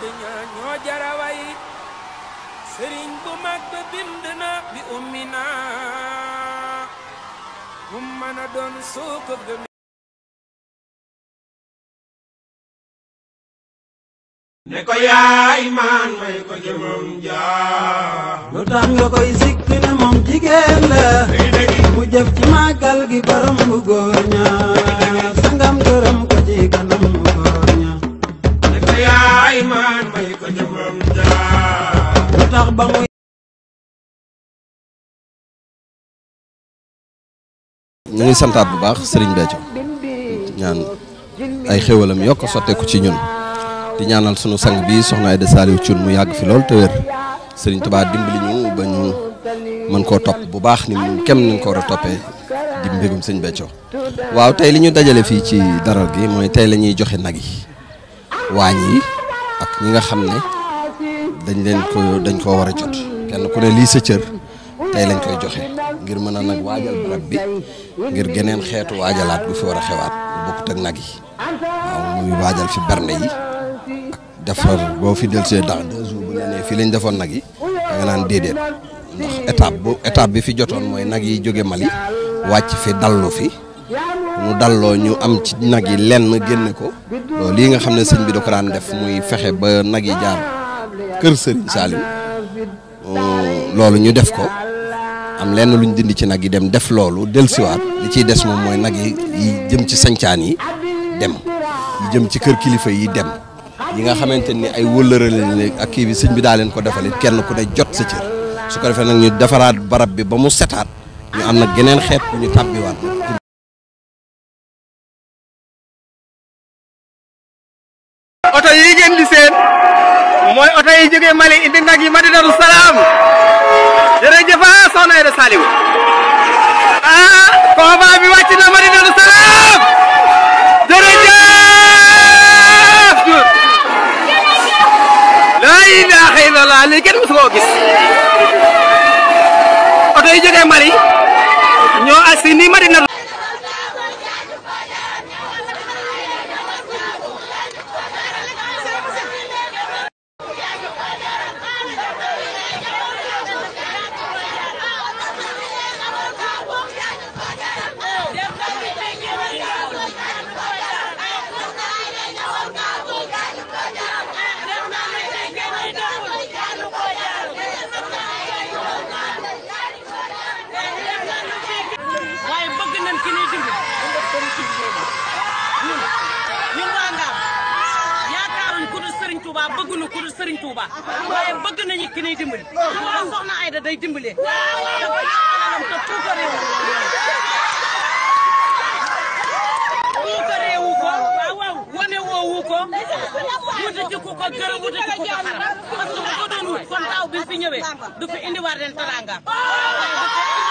tedd ña jaraway sëriñ bu mag ba bind na bi ummi naa mu mën a doon soo ko ne ko yaay maan may ko jëmam jaa lu tax koy sikk ne moom jigéen la mu jëf ci màggal gi borom ñu ngi santaat bu baax sëriñ Béthio ñaan ay xéwalam yokk sotteeku ci ñun di ñaanal sunu sang bi soxna Aïda Saliou Thioune mu yàgg fi lool te wér Serigne Touba dimbali ñu ba ñu mën koo topp bu baax ni mu kem ni ko war a toppee di mbégum sëñ Béthio waaw tey li ñu dajale fii ci daral gi mooy tey lañuy joxe nag yi waañ yi ak ñi nga xam ne dañ leen ko dañ koo war a jot kenn ku ne lii sa cër. tey lañ koy joxe ngir mën a nag waajal barab bi ngir geneen xeetu waajalaat bu fi war a xewaat bu bokkut ak nag yi waaw muy waajal fi berne yi ak defar boo fi dellusee dans deux jours bu nee fii lañ defoon nag yi da nga naan déedéet ndax étape bu étape bi fi jotoon mooy nag yi jóge Mali wàcc fi dallu fi mu dalloo ñu am ci nag yi lenn génne ko loolu lii nga xam ne sëñ bi da ko daan def muy fexe ba nag yi jaar kër sëriñ Saliou loolu ñu def ko am lu ñu dindi ci nag yi dem def loolu dellusiwaat li ciy des moom mooy nag yi yi jëm ci sancaan yi dem yi jëm ci kër kilifa yi dem yi nga xamante ni ay wëllëre lañ ak kii bi sëñ bi daa leen ko defalit kenn ku ne jot sa cër su ko defee nag ñu defaraat barab bi ba mu setaat ñu am nag geneen xeet bu ñu tàbbiwaat oto yi ngeen di seen mooy oto yi jógee Mali indi nag yi Madinatu Salaam Saliou ah combat bi wàcc na Madinatu Salaam jërëjëf laa ilaaha illallaah lii kenn mësu koo gis oto yi jógee Mali ñoo agsi ni Madinatu ñun waa Ngam yaakaaruñ ku dul Serigne Touba bëgguñu ku dul Serigne waaye bëgg nañu ki ñuy dimbali ndax soxna day dimbalee dafa yàq ko waaw wane woowu ko wuti ci ku ko gërëm wuti ci ku ko xaram parce que bu ko doon wut kon